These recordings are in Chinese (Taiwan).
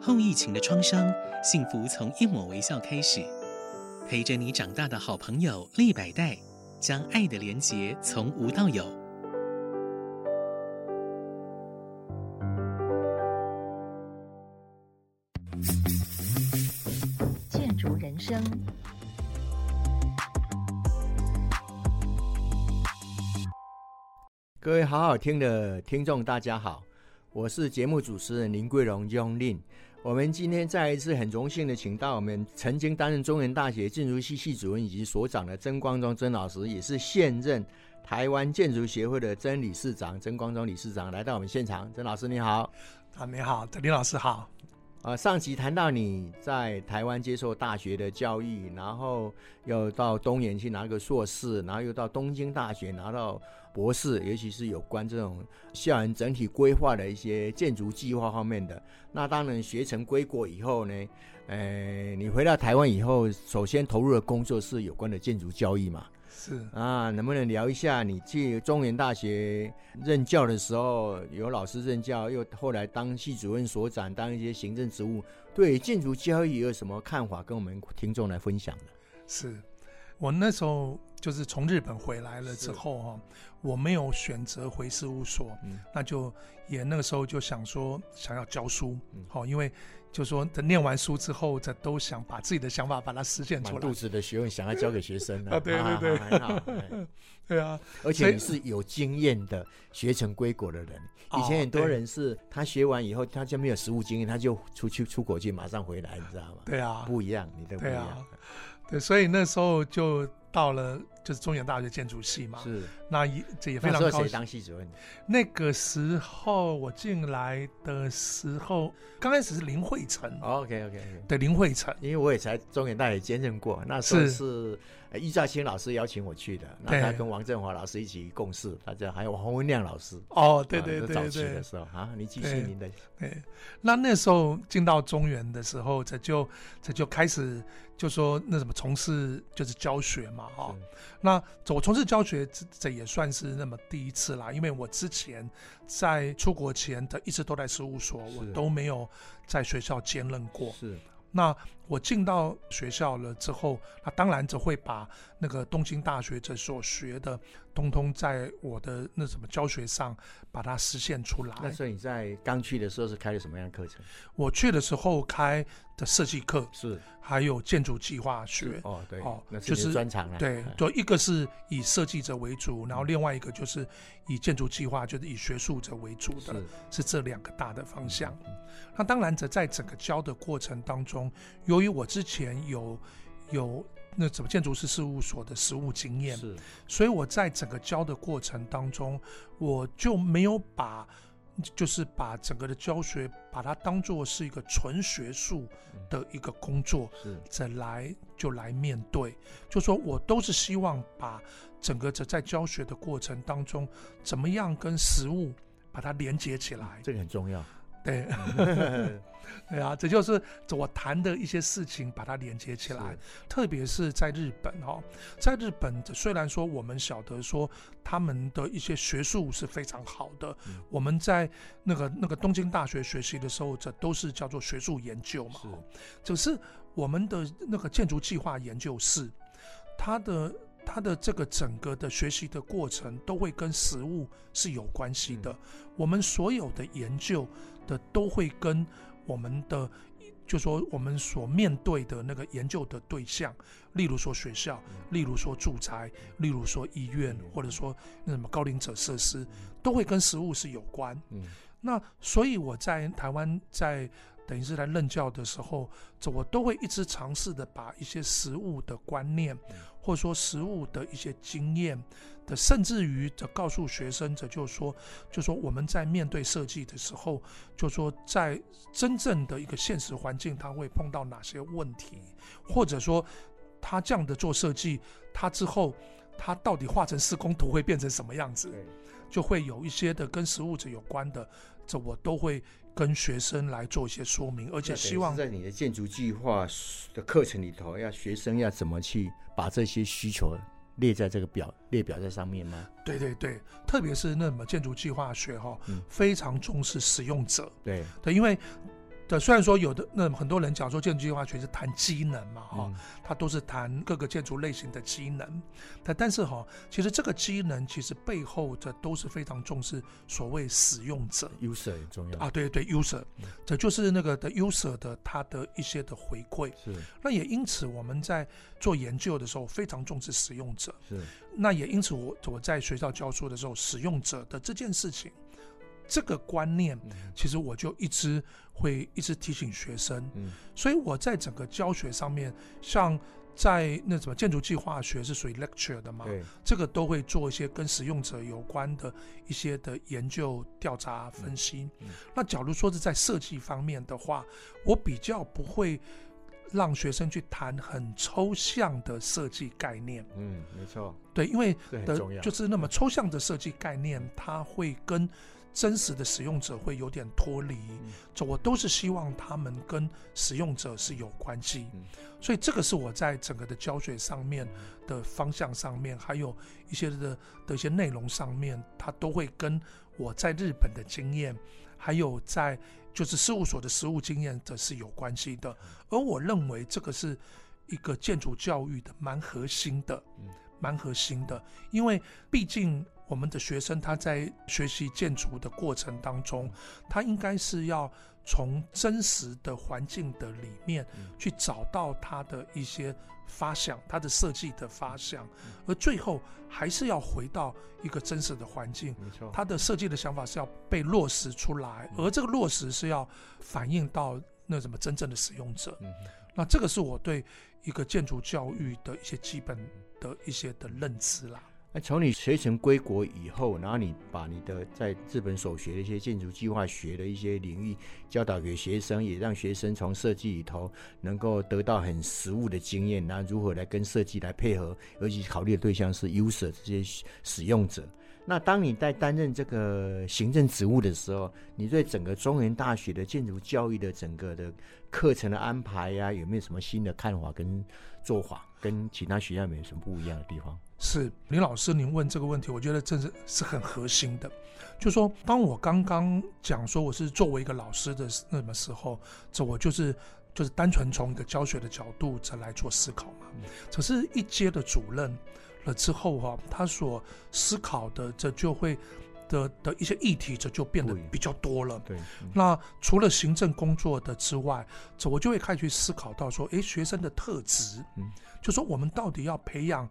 後疫情的創傷，幸福從一抹微笑開始。陪着你長大的好朋友利百代，將愛的連結從無到有。建築人生，各位好好聽的聽眾，大家好，我是節目主持人林桂榮 Young 我們今天再一次很榮幸的請到我們曾經擔任中原大學建築系系主任以及所長的曾光宗曾老師，也是現任台灣建築協會的曾理事長曾光宗理事長來到我們現場。曾老師你好，啊，你好，好德林老師好。啊，上集談到你在台灣接受大學的教育，然後又到東岩去拿個碩士，然後又到東京大學拿到博士，尤其是有關這種校園整體規劃的一些建築計劃方面的。那當然學成歸國以後呢，呃、欸，你回到台灣以後，首先投入的工作是有關的建築教育嘛？是啊，能不能聊一下你去中原大學任教的時候，有老師任教，又後來當系主任、所長，當一些行政職務，對建築教育有什麼看法，跟我們聽眾來分享的？是，我那時候。就是從日本回來了之後哈、哦，是我沒有選擇回事務所，嗯、那就也那個時候就想說想要教書，好、嗯，因為就說他念完書之後，他都想把自己的想法把它實現出來。滿肚子的學問想要教給學生啊！ 啊對對對，啊好 對啊！而且你是有經驗的學成歸國的人，以，以前很多人是他學完以後他就沒有實務經驗，哦、他就出去出國去，馬上回來，你知道嗎？對啊，不一樣，你的不一樣對啊，對，所以那時候就。到了。就是中原大學建築系嘛，是，那這也非常高興。那個時候我進來的時候，剛開始是林慧晨 OK OK 對，林慧晨，因為我也在中原大學兼任過，那時候是郁肇清老師邀請我去的，那他跟王振華老師一起共事，大家還有黃文亮老師。哦，對對對，早期的時候啊，你繼續您的。對，那那時候進到中原的時候，他就他就開始就說那什麼從事就是教學嘛，哈。那我從事教學這也算是那麼第一次啦，因為我之前在出國前，的一直都在事務所，我都沒有在學校兼任過。是，是，那。我進到學校了之後，那當然就會把那個東京大學這所學的，通通在我的那什麼教學上把它實現出來。那所以你在剛去的時候是開了什麼樣的課程？我去的時候開的設計課是，還有建築計劃學哦，對哦，那是專長啊、就是。對，就一個是以設計者為主，嗯、然後另外一個就是以建築計劃，就是以學術者為主的，嗯、是，是這兩個大的方向。嗯嗯，那當然則在整個教的過程當中有。所以，我之前有有那種建築師事務所的實務經驗，是，所以我在整個教的過程當中，我就沒有把就是把整個的教學把它當做是一個純學術的一個工作，再是來就來面對，就說我都是希望把整個在在教學的過程當中，怎麼樣跟實務把它連接起來。嗯，這個很重要。對， 對啊，這就是我談的一些事情，把它連接起來。是特別是在日本哦，在日本，雖然說我們曉得說他們的一些學術是非常好的，嗯、我們在那個那個東京大學學習的時候，這都是叫做學術研究嘛。就是只是我們的那個建築計劃研究室，它的它的這個整個的學習的過程都會跟實務是有關係的。嗯、我們所有的研究。的都會跟我們的，就說我們所面對的那個研究的對象，例如說學校，例如說住宅，例如說醫院，或者說那什麼高齡者設施，都會跟食物是有關。嗯，那所以我在台灣在。等於是，在任教的時候，這我都會一直嘗試的，把一些實務的觀念，或者說實務的一些經驗的，甚至於的告訴學生，這就是說，就說我們在面對設計的時候，就說在真正的一個現實環境，他會碰到哪些問題，或者說他這樣的做設計，他之後他到底畫成施工圖會變成什麼樣子？就會有一些的跟使用者有關的，這我都會跟學生來做一些說明，而且希望在你的建築計劃的課程裡頭，要學生要怎麼去把這些需求列在這個表，列表在上面嗎？對對對，特別是那麼建築計劃學哈，嗯、非常重視使用者，對對，因為。對，雖然說有的那很多人講說建築計劃全是談機能嘛，哈、嗯，它都是談各個建築類型的機能，但但是哈，其實這個機能其實背後的都是非常重視所謂使用者，user 很重要啊，對對，user，、嗯嗯、這就是那個的 user 的它的一些的回饋。是，那也因此我們在做研究的時候非常重視使用者。是，那也因此我我在學校教書的時候，使用者的這件事情。這個觀念，其實我就一直會一直提醒學生。所以我在整個教學上面，像在那什麼建築計劃學是屬於 lecture 的嘛，這個都會做一些跟使用者有關的一些的研究調查分析。那假如說是在設計方面的話，我比較不會讓學生去談很抽象的設計概念。嗯，沒錯。對，因為的就是那麼抽象的設計概念，它會跟真實的使用者會有點脫離，這我都是希望他們跟使用者是有關係，所以這個是我在整個的教學上面的方向上面，還有一些的的一些內容上面，它都會跟我在日本的經驗，還有在就是事務所的實務經驗的是有關係的。而我認為這個是一個建築教育的蠻核心的，蠻核心的，因為畢竟。我們的學生他在學習建築的過程當中，他應該是要從真實的環境的裡面去找到他的一些發想，他的設計的發想，而最後還是要回到一個真實的環境。他的設計的想法是要被落實出來，而這個落實是要反映到那什麼真正的使用者。那這個是我對一個建築教育的一些基本的一些的認知啦。那從你學成歸國以後，然後你把你的在日本所學的一些建築計劃學的一些領域教導給學生，也讓學生從設計裡頭能夠得到很實務的經驗，那如何來跟設計來配合，尤其考慮的對象是 user 這些使用者。那當你在擔任這個行政職務的時候，你對整個中原大學的建築教育的整個的課程的安排呀、啊，有沒有什麼新的看法跟做法？跟其他學校有沒有什麼不一樣的地方？是李老師，您問這個問題，我覺得這是是很核心的。就說，當我剛剛講說我是作為一個老師的那麼時候，這我就是就是單純從一個教學的角度再來做思考嘛。可是，一屆的主任。之後哈、啊，他所思考的這就會的的一些議題，這就變得比較多了。對，對嗯、那除了行政工作的之外，就我就會開始去思考到說，哎，學生的特質，嗯，就說我們到底要培養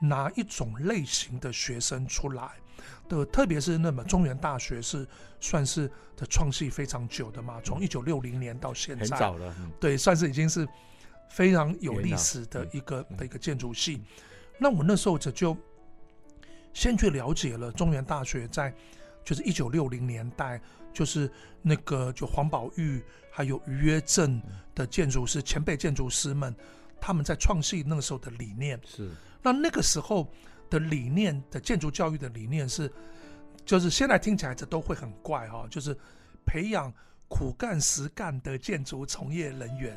哪一種類型的學生出來？的，特別是那麼中原大學是算是的創系非常久的嘛，從一九六零年到現在，嗯、很早了，嗯、對，算是已經是非常有歷史的一個、啊嗯、的一個建築系。嗯嗯嗯那我那時候這就先去了解了中原大學在，就是一九六零年代，就是那個就黃寶玉還有余躍正的建築師前輩建築師們，他們在創系那個時候的理念是，那那個時候的理念的建築教育的理念是，就是現在聽起來這都會很怪哈，就是培養苦幹實幹的建築從業人員。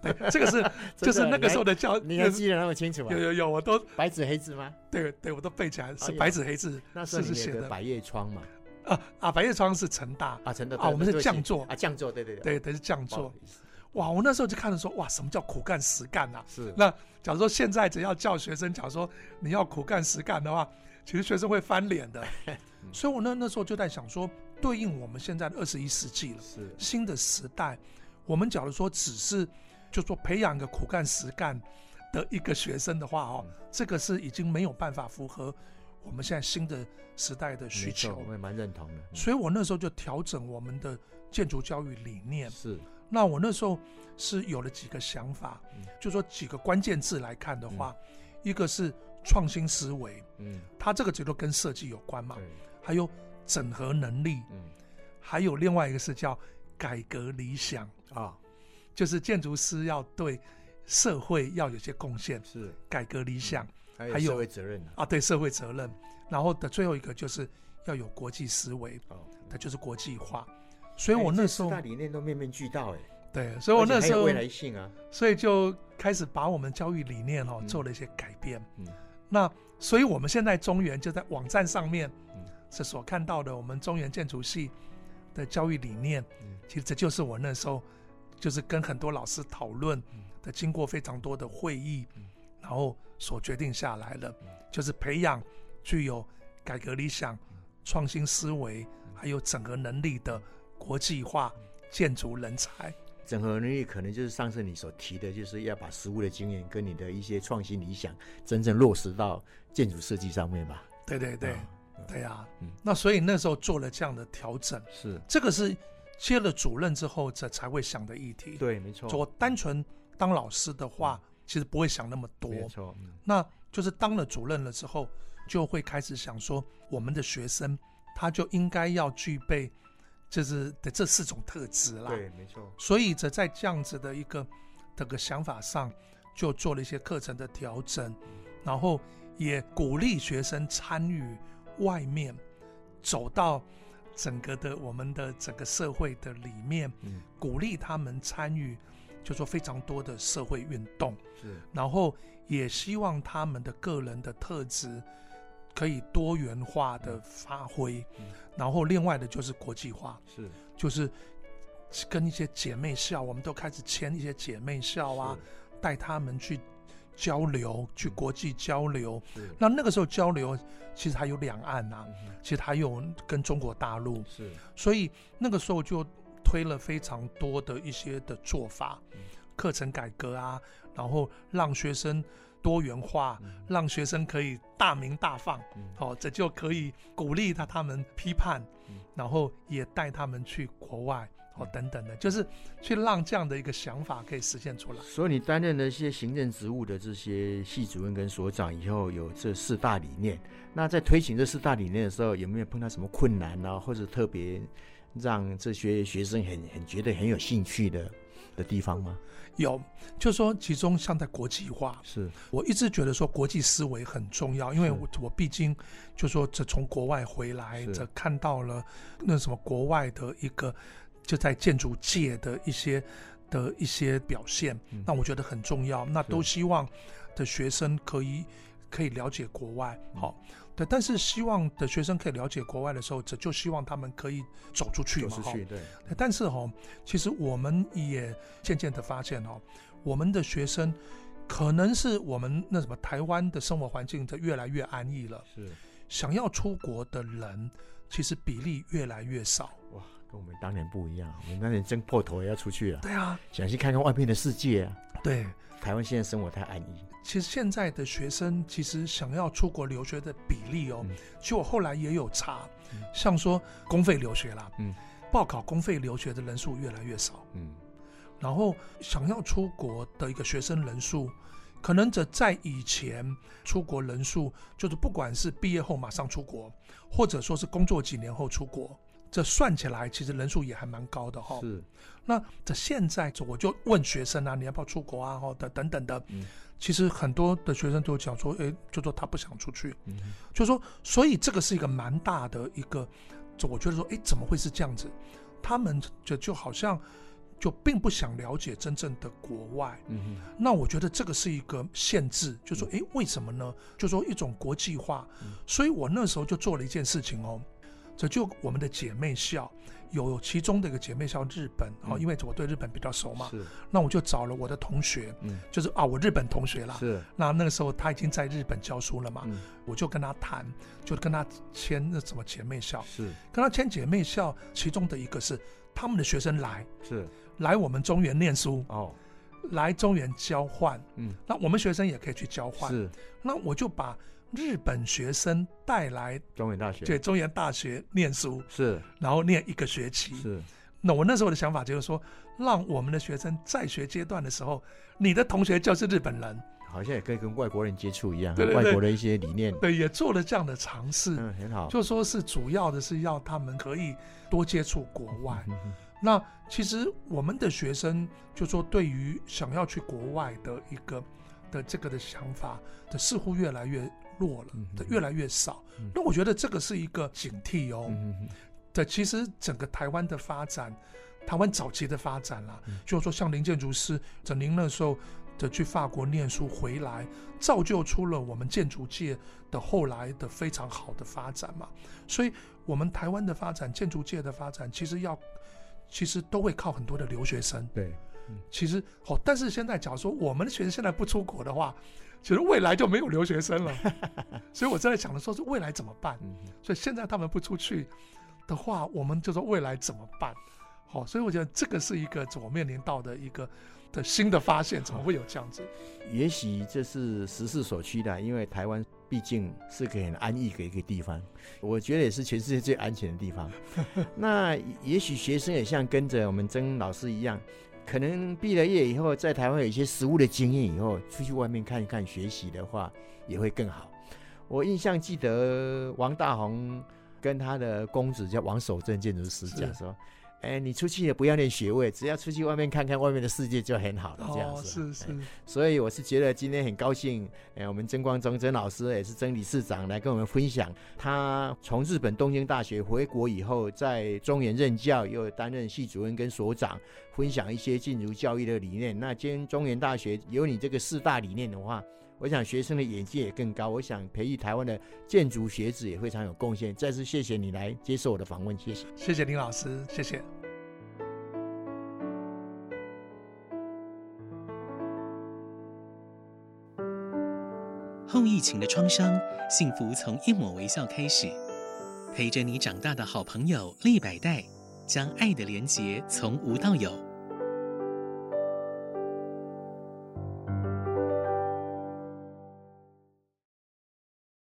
對，這個是就是那個時候的教，你還記得那麼清楚嗎？有有有，我都白紙黑字嗎？對對，我都背起來是白紙黑字。那時候是寫的百葉窗嘛？啊啊，百葉窗是成大啊，成大啊，我們是匠作，啊，匠作，對對對，對，是匠作。哇，我那時候就看着說，哇，什麼叫苦幹實幹吶？是。那假如說現在只要叫學生，假如說你要苦幹實幹的話，其實學生會翻臉的。所以我那那時候就在想說，對應我們現在的二十一世紀了，是新的時代，我們假如說只是。就說培養一個苦幹實幹的一個學生的話哦，嗯、這個是已經沒有辦法符合我們現在新的時代的需求。我也蠻認同的。嗯、所以我那時候就調整我們的建築教育理念。是。那我那時候是有了幾個想法，嗯、就說幾個關鍵字來看的話，嗯、一個是創新思維，嗯，它這個角度跟設計有關嘛。嗯、還有整合能力。嗯、還有另外一個是叫改革理想、嗯、啊。就是建築師要對社會要有些貢獻，是改革理想、嗯，還有社會責任啊，啊，對社會責任。然後的最後一個就是要有國際思維，oh, okay。它就是國際化。所以我那時候大理念都面面俱到哎。對，所以我那時候還有未來性啊，所以就開始把我們教育理念哈、哦嗯、做了一些改變。嗯，嗯，那所以我們現在中原就在網站上面，是所看到的我們中原建築系的教育理念，嗯、其實這就是我那時候。就是跟很多老師討論的，經過非常多的會議，嗯、然後所決定下來的，嗯、就是培養具有改革理想、嗯、創新思維，還有整合能力的國際化建築人才。整合能力可能就是上次你所提的，就是要把實務的經驗跟你的一些創新理想真正落實到建築設計上面吧？對對對，對呀。那所以那時候做了這樣的調整，是這個是。接了主任之後，這才會想的議題。對，沒錯。我單純當老師的話，嗯、其實不會想那麼多。沒錯嗯、那就是當了主任了之後，就會開始想說，我們的學生他就應該要具備，就是的這四種特質啦。對，沒錯。所以則在這樣子的一個這個想法上，就做了一些課程的調整，嗯、然後也鼓勵學生參與外面，走到。整個的我們的整個社會的裡面，鼓勵他們參與，就是說非常多的社會運動。然後也希望他們的個人的特質可以多元化的發揮。然後另外的就是國際化，是，就是跟一些姐妹校，我們都開始簽一些姐妹校啊，帶他們去。交流，去國際交流，嗯、那那個時候交流其實還有兩岸啊，嗯、哼其實還有跟中國大陸，是，所以那個時候就推了非常多的一些的做法，嗯、課程改革啊，然後讓學生多元化，嗯、讓學生可以大鳴大放，好、嗯，這、哦、就可以鼓勵他他們批判，嗯、然後也帶他們去國外。哦，等等的，就是去讓這樣的一個想法可以實現出來。所以你擔任的一些行政職務的這些系主任跟所長以後有這四大理念。那在推行這四大理念的時候，有沒有碰到什麼困難呢、啊？或者特別讓這些學生很很覺得很有興趣的的地方嗎？有，就說其中像在國際化，是我一直覺得說國際思維很重要，因為我是我畢竟就是說這從國外回來，這看到了那什麼國外的一個。就在建築界的一些的一些表現，嗯、那我覺得很重要。是那都希望的學生可以可以了解國外，嗯、好。對，但是希望的學生可以了解國外的時候，就就希望他們可以走出去嘛。去對、對、對。但是、喔、其實我們也漸漸的發現哦、喔，我們的學生可能是我們那什麼台灣的生活環境在越來越安逸了，是想要出國的人其實比例越來越少。哇。跟我們當年不一樣，我們當年爭破頭也要出去啊，對啊，想去看看外面的世界啊。對，台灣現在生活太安逸。其實現在的學生其實想要出國留學的比例哦、喔，嗯、其實我後來也有查，嗯、像說公費留學啦，嗯，報考公費留學的人數越來越少，嗯，然後想要出國的一個學生人數，可能這在以前出國人數，就是不管是畢業後馬上出國，或者說是工作幾年後出國。這算起來，其實人數也還蠻高的哈、哦是。那這現在，我就問學生啊，你要不要出國啊、哦？哈等等的，嗯、其實很多的學生都講說，哎，就說他不想出去，嗯、就說，所以這個是一個蠻大的一個，就我覺得說，哎，怎麼會是這樣子？他們就就好像就並不想了解真正的國外。嗯，那我覺得這個是一個限制，就說，哎、嗯，為什麼呢？就說一種國際化。嗯、所以我那時候就做了一件事情哦。就我們的姐妹校，有其中的一個姐妹校日本，因為我對日本比較熟嘛，那我就找了我的同學，就是啊，我日本同學了，是。那那個時候他已經在日本教書了嘛，我就跟他談，就跟他簽那什麼姐妹校，是。跟他簽姐妹校，其中的一個是他們的學生來，是來我們中原念書哦，來中原交換，嗯。那我們學生也可以去交換，是。那我就把。日本學生帶來中原大學，對是中原大學念書是，然後念一個學期是。那我那時候的想法就是說，讓我們的學生在學階段的時候，你的同學就是日本人，好像也可以跟外國人接觸一樣，對對對外國的一些理念，對，也做了這樣的嘗試，嗯，很好。就說是主要的是要他們可以多接觸國外。嗯、哼哼，那其實我們的學生就說，對於想要去國外的一個的這個的想法的，似乎越來越。弱了，它越來越少。嗯、哼那我覺得這個是一個警惕哦。嗯、哼對，其實整個台灣的發展，台灣早期的發展啦，嗯、哼就是說像林建築師，整林那時候的去法國念書回來，造就出了我們建築界的後來的非常好的發展嘛。所以，我們台灣的發展，建築界的發展，其實要其實都會靠很多的留學生。對、嗯，其實好、哦，但是現在假如說我們的學生現在不出國的話。其實未來就沒有留學生了，所以我正在想的說是未來怎麼辦？所以現在他們不出去的話，我們就說未來怎麼辦？好，所以我覺得這個是一個我面臨到的一個的新的發現，怎麼會有這樣子？也許這是時勢所趨的，因為台灣畢竟是個很安逸的一個地方，我覺得也是全世界最安全的地方。那也許學生也像跟着我們曾老師一樣。可能畢了業以後，在台灣有一些實務的經驗以後，出去外面看一看、學習的話，也會更好。我印象記得王大閎跟他的公子叫王守正建築師講說。哎，你出去也不要念學位，只要出去外面看看外面的世界就很好了。哦、這樣子，是是、哎。所以我是覺得今天很高興，哎、我們曾光宗曾老師也是曾理事長來跟我們分享，他從日本東京大學回國以後，在中原任教，又擔任系主任跟所長，分享一些建築教育的理念。那今天中原大學有你這個四大理念的話。我想學生的眼界也更高，我想培育台灣的建築學子也非常有貢獻。再次謝謝你來接受我的訪問，謝謝。謝謝林老師，謝謝。後疫情的創傷，幸福從一抹微笑開始。陪着你長大的好朋友利百代，將愛的連結從無到有。